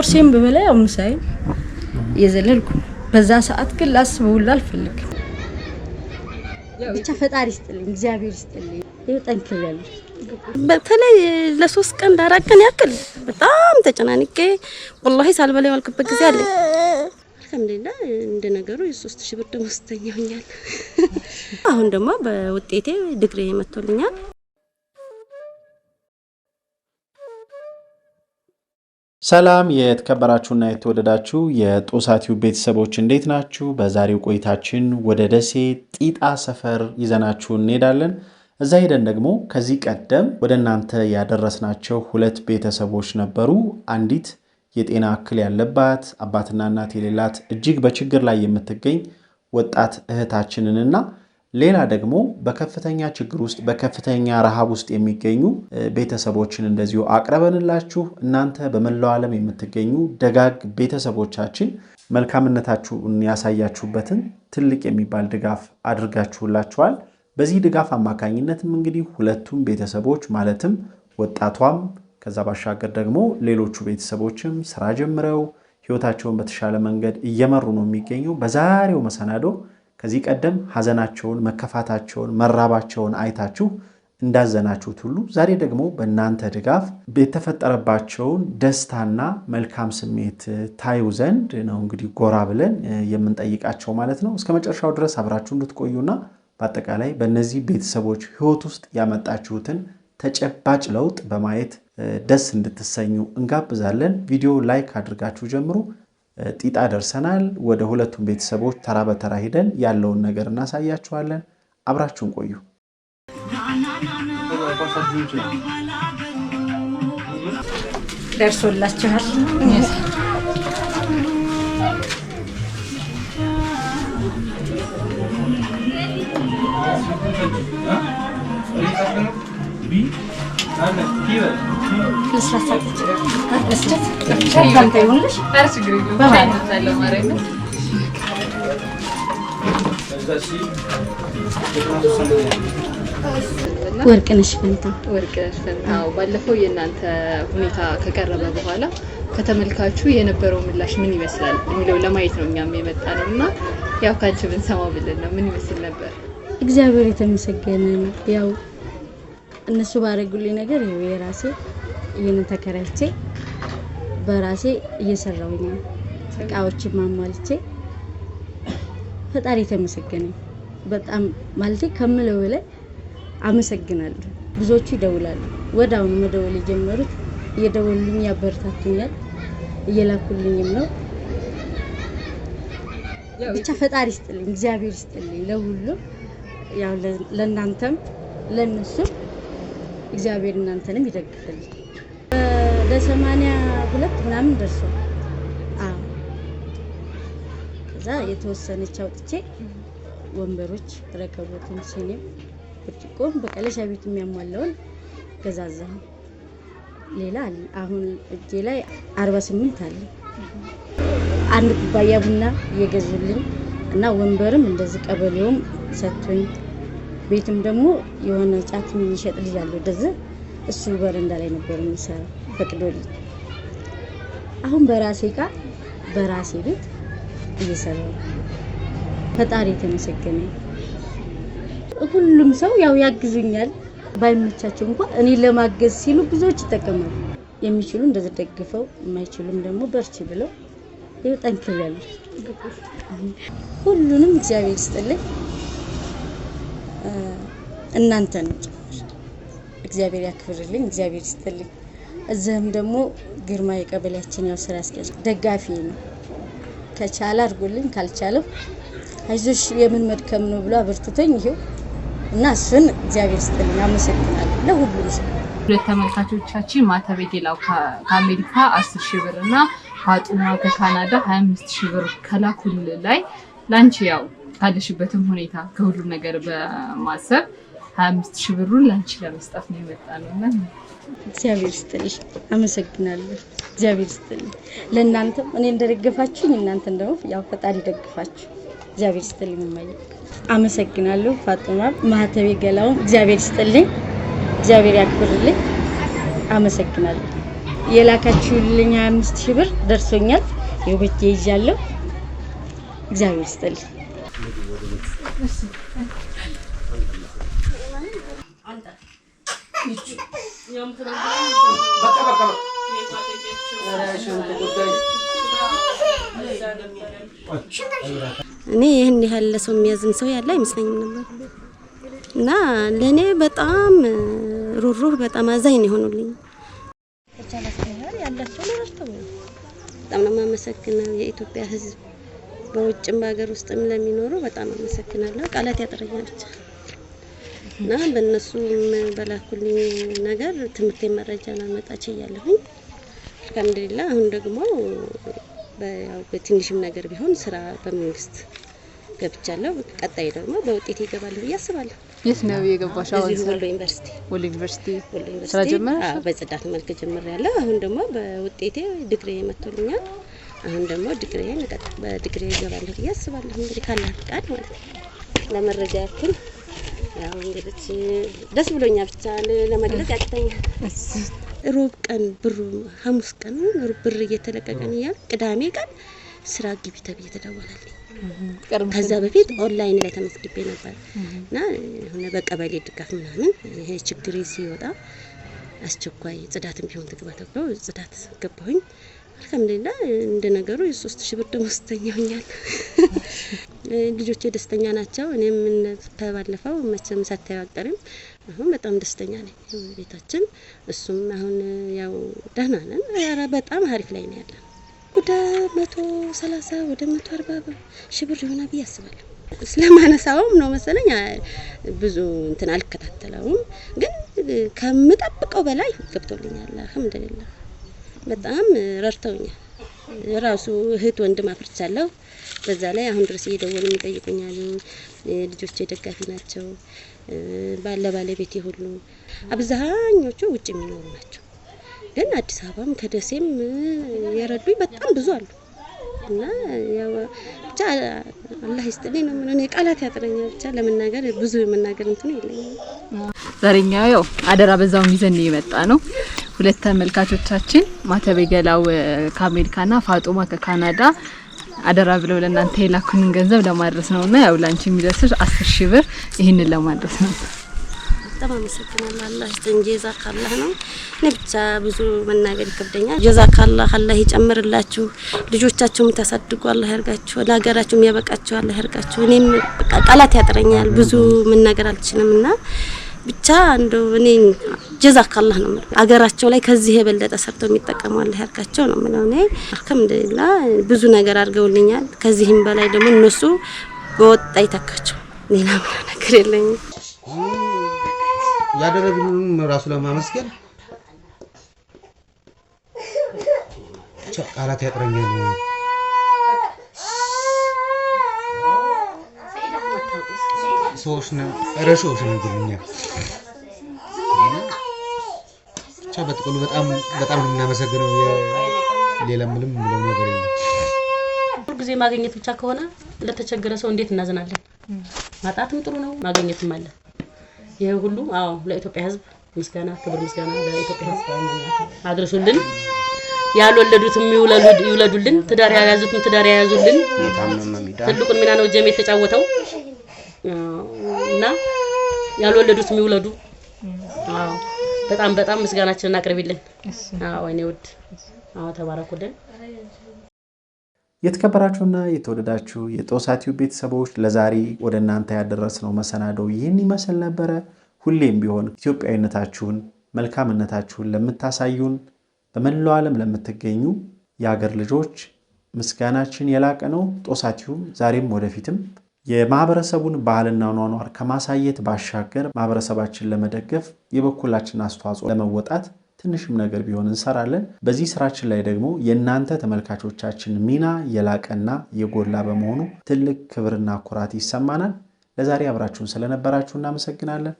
ቁርሴን ብበላ አሁን ሳይ እየዘለልኩ በዛ ሰዓት ግን ላስበውላ አልፈልግም። ብቻ ፈጣሪ ይስጥልኝ፣ እግዚአብሔር ይስጥልኝ። ጠንክሬያለሁ። በተለይ ለሶስት ቀን ለአራት ቀን ያክል በጣም ተጨናንቄ ወላሂ ሳልበላ የዋልኩበት ጊዜ አለ። አልሐምዱሊላህ እንደ ነገሩ የሶስት ሺህ ብር ደሞዝተኛ ሆኛለሁ። አሁን ደግሞ በውጤቴ ድግሬ መጥቶልኛል። ሰላም የተከበራችሁና የተወደዳችሁ የጦሳቲው ቤተሰቦች እንዴት ናችሁ? በዛሬው ቆይታችን ወደ ደሴ ጢጣ ሰፈር ይዘናችሁ እንሄዳለን። እዛ ሄደን ደግሞ ከዚህ ቀደም ወደ እናንተ ያደረስናቸው ሁለት ቤተሰቦች ነበሩ። አንዲት የጤና እክል ያለባት አባትና እናት የሌላት እጅግ በችግር ላይ የምትገኝ ወጣት እህታችንንና ሌላ ደግሞ በከፍተኛ ችግር ውስጥ በከፍተኛ ረሃብ ውስጥ የሚገኙ ቤተሰቦችን እንደዚሁ አቅርበንላችሁ እናንተ በመላው ዓለም የምትገኙ ደጋግ ቤተሰቦቻችን መልካምነታችሁን ያሳያችሁበትን ትልቅ የሚባል ድጋፍ አድርጋችሁላችኋል። በዚህ ድጋፍ አማካኝነትም እንግዲህ ሁለቱም ቤተሰቦች ማለትም ወጣቷም ከዛ ባሻገር ደግሞ ሌሎቹ ቤተሰቦችም ስራ ጀምረው ህይወታቸውን በተሻለ መንገድ እየመሩ ነው የሚገኘው። በዛሬው መሰናዶ ከዚህ ቀደም ሐዘናቸውን፣ መከፋታቸውን፣ መራባቸውን አይታችሁ እንዳዘናችሁት ሁሉ ዛሬ ደግሞ በእናንተ ድጋፍ የተፈጠረባቸውን ደስታና መልካም ስሜት ታዩ ዘንድ ነው እንግዲህ ጎራ ብለን የምንጠይቃቸው ማለት ነው። እስከ መጨረሻው ድረስ አብራችሁ እንድትቆዩና በአጠቃላይ በእነዚህ ቤተሰቦች ሕይወት ውስጥ ያመጣችሁትን ተጨባጭ ለውጥ በማየት ደስ እንድትሰኙ እንጋብዛለን። ቪዲዮ ላይክ አድርጋችሁ ጀምሩ። ጢጣ ደርሰናል። ወደ ሁለቱም ቤተሰቦች ተራ በተራ ሄደን ያለውን ነገር እናሳያችኋለን። አብራችሁን ቆዩ። ደርሶላችኋል። ወርቅነሽ ፈንታ ወርቅነሽ ፈንታ፣ ባለፈው የእናንተ ሁኔታ ከቀረበ በኋላ ከተመልካቹ የነበረው ምላሽ ምን ይመስላል የሚለው ለማየት ነው እኛም የመጣ ነው እና ያው ካንቺ ብንሰማው ብለን ነው። ምን ይመስል ነበር? እግዚአብሔር የተመሰገነ ነው ያው እነሱ ባረጉልኝ ነገር ይኸው የራሴ ይህንን ተከራይቼ በራሴ እየሰራው ነው። እቃዎችን ማሟልቼ ፈጣሪ የተመሰገነ በጣም ማለቴ ከምለው በላይ አመሰግናለሁ። ብዙዎቹ ይደውላሉ። ወደ አሁኑ መደወል የጀመሩት እየደወሉልኝ ያበረታቱኛል፣ እየላኩልኝም ነው። ብቻ ፈጣሪ ይስጥልኝ፣ እግዚአብሔር ይስጥልኝ ለሁሉም ያው ለእናንተም ለእነሱም እግዚአብሔር እናንተንም ይደግፍል። ለሰማንያ ሁለት ምናምን ደርሷል። ከዛ የተወሰነች አውጥቼ ወንበሮች፣ ረከቦትን፣ ሲኒም፣ ብርጭቆ በቀለሻ ቤት የሚያሟላውን ገዛዛ ሌላ አለ አሁን እጄ ላይ 48 አለ። አንድ ኩባያ ቡና እየገዙልኝ እና ወንበርም እንደዚህ ቀበሌውም ሰጥቶኝ ቤትም ደግሞ የሆነ ጫት የሚሸጥ ልጅ አለ ወደዚህ እሱ በረንዳ ላይ ነበር የሚሰራ ፈቅዶልኝ አሁን በራሴ እቃ በራሴ ቤት እየሰራ ፈጣሪ የተመሰገነ ሁሉም ሰው ያው ያግዙኛል ባይመቻቸው እንኳን እኔ ለማገዝ ሲሉ ብዙዎች ይጠቀማሉ የሚችሉ እንደዚህ ደግፈው የማይችሉም ደግሞ በርቺ ብለው ይኸው ሁሉንም እግዚአብሔር ይስጥልኝ እናንተ ነው ጭምር እግዚአብሔር ያክብርልኝ፣ እግዚአብሔር ይስጥልኝ። እዚህም ደግሞ ግርማ የቀበሌያችን ያው ስራ አስኪያጅ ደጋፊ ነው። ከቻለ አድርጎልኝ ካልቻለው አይዞሽ የምን መድከም ነው ብሎ አበርትቶኝ ይሄው እና እሱን እግዚአብሔር ይስጥልኝ። አመሰግናለሁ ለሁሉም ሰው። ሁለት ተመልካቾቻችን ማተቤ ጌላው ከአሜሪካ 10 ሺህ ብር እና ፋጡማ ከካናዳ 25 ሺህ ብር ከላኩል ላይ ላንቺ ያው ካለሽበትም ሁኔታ ከሁሉም ነገር በማሰብ ሀያ አምስት ሺህ ብሩን ለአንቺ ለመስጠት ነው የመጣ ነው። እግዚአብሔር ይስጥልኝ። አመሰግናለሁ። እግዚአብሔር ይስጥልኝ። ለእናንተም እኔ እንደደገፋችሁኝ እናንተን ደግሞ ያው ፈጣሪ ደግፋችሁ። እግዚአብሔር ይስጥልኝ። ማየ አመሰግናለሁ። ፋጡማ ማህተቤ ገላውም እግዚአብሔር ይስጥልኝ። እግዚአብሔር ያክብርልኝ። አመሰግናለሁ። የላካችሁልኝ ሀያ አምስት ሺህ ብር ደርሶኛል። የውበቴ ይዣለሁ። እግዚአብሔር ይስጥልኝ። እኔ ይህን ያህል ለሰው የሚያዝን ሰው ያለ አይመስለኝም ነበር እና ለእኔ በጣም ሩሩህ በጣም አዛኝ ነው የሆኑልኝ። በጣም ነው የማመሰግነው የኢትዮጵያ ሕዝብ በውጭም በሀገር ውስጥም ለሚኖሩ በጣም አመሰግናለሁ። ቃላት ያጥረኛል እና በእነሱ በላኩልኝ ነገር ትምህርት መረጃ ላመጣች እያለሁኝ አልሐምዱሊላ አሁን ደግሞ በትንሽም ነገር ቢሆን ስራ በመንግስት ገብቻለሁ። ቀጣይ ደግሞ በውጤት ይገባለሁ ብዬ አስባለሁ። የት ነው የገባሽው? ወሎ ዩኒቨርሲቲ። ወሎ ዩኒቨርሲቲ ስራ ጀመረ። በጽዳት መልክ ጀምሬያለሁ። አሁን ደግሞ በውጤቴ ድግሬ መጥቶልኛል። አሁን ደግሞ ንቀጥ በዲግሪ ይገባል ብዬ አስባለሁ። እንግዲህ ካለ ቃል ማለት ነው። ለመረጃ ያክል ያው እንግዲህ ደስ ብሎኛል፣ ብቻ ለመግለጽ ያቅተኛል። ሮብ ቀን ብሩ ሐሙስ ቀን ብር እየተለቀቀ ነው እያለ ቅዳሜ ቀን ስራ ግቢ ተብዬ ተደወላለኝ። ከዛ በፊት ኦንላይን ላይ ተመዝግቤ ነበር እና ሆነ በቀበሌ ድጋፍ ምናምን ይሄ ችግሬ ሲወጣ አስቸኳይ ጽዳትም ቢሆን ትግባ ተብሎ ጽዳት ገባሁኝ። አልሐምዱሊላህ እንደ ነገሩ የሶስት ሺ ብር ደሞዝተኛ ሆኛል። ልጆቼ ደስተኛ ናቸው። እኔም ከባለፈው መቼም ሳታዩ አልቀርም። አሁን በጣም ደስተኛ ነኝ ቤታችን። እሱም አሁን ያው ደህና ነን። ኧረ በጣም አሪፍ ላይ ነው ያለን። ወደ መቶ ሰላሳ ወደ መቶ አርባ ሺ ብር ይሆናል ብዬ አስባለሁ። ስለማነሳውም ነው መሰለኝ ብዙ እንትን አልከታተለውም፣ ግን ከምጠብቀው በላይ ገብቶልኛል። አልሐምዱሊላህ በጣም ረድተውኛል። ራሱ እህት ወንድም አፍርቻለሁ። በዛ ላይ አሁን ድረስ እየደወሉ የሚጠይቁኛል። ልጆቼ ደጋፊ ናቸው። ባለ ባለቤቴ ሁሉ አብዛኞቹ ውጭ የሚኖሩ ናቸው። ግን አዲስ አበባም ከደሴም የረዱኝ በጣም ብዙ አሉ እና ብቻ አላህ ይስጥልኝ ነው ምንሆን የቃላት ያጥረኛል። ብቻ ለመናገር ብዙ የመናገር እንትኑ የለኝም። ዛሬኛ ያው አደራ በዛውን ይዘን የመጣ ነው። ሁለት ተመልካቾቻችን ማተቤ ገላው ከአሜሪካና ፋጡማ ከካናዳ አደራ ብለው ለእናንተ የላኩንን ገንዘብ ለማድረስ ነውና ያው ላንቺ የሚደርስሽ አስር ሺህ ብር ይህንን ለማድረስ ነው። በጣም አመሰግናለሁ። አላህ ይስጥን። ጀዛ ካላህ ነው። እኔ ብቻ ብዙ መናገር ይከብደኛል። ጀዛ ካላህ አላህ ይጨምርላችሁ። ልጆቻችሁም ታሳድጉ አላህ ያርጋችሁ። ለሀገራችሁም ያበቃችሁ አላህ ያርጋችሁ። እኔም ቃላት ያጥረኛል ብዙ መናገር አልችልምና ብቻ እንደ እኔ ጀዛካላህ ነው የምለው። አገራቸው ላይ ከዚህ የበለጠ ሰርተው የሚጠቀሙ አላህ ያርጋቸው ነው የምለው። እኔ አልሐምዱሊላህ ብዙ ነገር አድርገውልኛል። ከዚህም በላይ ደግሞ እነሱ በወጣ ይተካቸው። ሌላ ምላ ነገር የለኝም። ያደረግልን ራሱ ለማመስገን ቃላት ያጥረኛል። ሶስት ነው ረሾ ብቻ በጥቅሉ በጣም የምናመሰግነው ሌላ ምንም ምለው ነገር የለም። ሁልጊዜ ማግኘት ብቻ ከሆነ ለተቸገረ ሰው እንዴት እናዝናለን? ማጣትም ጥሩ ነው፣ ማግኘትም አለ። ይህ ሁሉ አዎ፣ ለኢትዮጵያ ሕዝብ ምስጋና፣ ክብር ምስጋና ለኢትዮጵያ ሕዝብ አድርሱልን። ያልወለዱትም ይውለዱልን፣ ትዳር ያልያዙትም ትዳር ያያዙልን። ትልቁን ሚና ነው ጀሜ የተጫወተው። እና ያልወለዱት የሚውለዱ አዎ በጣም በጣም ምስጋናችንን እናቅርብልን። አዎ እኔ ውድ አዎ ተባረኩልን። የተከበራችሁና የተወደዳችሁ የጦሳቲው ቤተሰቦች ለዛሬ ወደ እናንተ ያደረስነው መሰናዶ ይህን ይመስል ነበረ። ሁሌም ቢሆን ኢትዮጵያዊነታችሁን መልካምነታችሁን ለምታሳዩን በመላው ዓለም ለምትገኙ የሀገር ልጆች ምስጋናችን የላቀ ነው። ጦሳቲውም ዛሬም ወደፊትም የማህበረሰቡን ባህልና ኗኗር ከማሳየት ባሻገር ማህበረሰባችን ለመደገፍ የበኩላችን አስተዋጽኦ ለመወጣት ትንሽም ነገር ቢሆን እንሰራለን። በዚህ ስራችን ላይ ደግሞ የእናንተ ተመልካቾቻችን ሚና የላቀና የጎላ በመሆኑ ትልቅ ክብርና ኩራት ይሰማናል። ለዛሬ አብራችሁን ስለነበራችሁ እናመሰግናለን።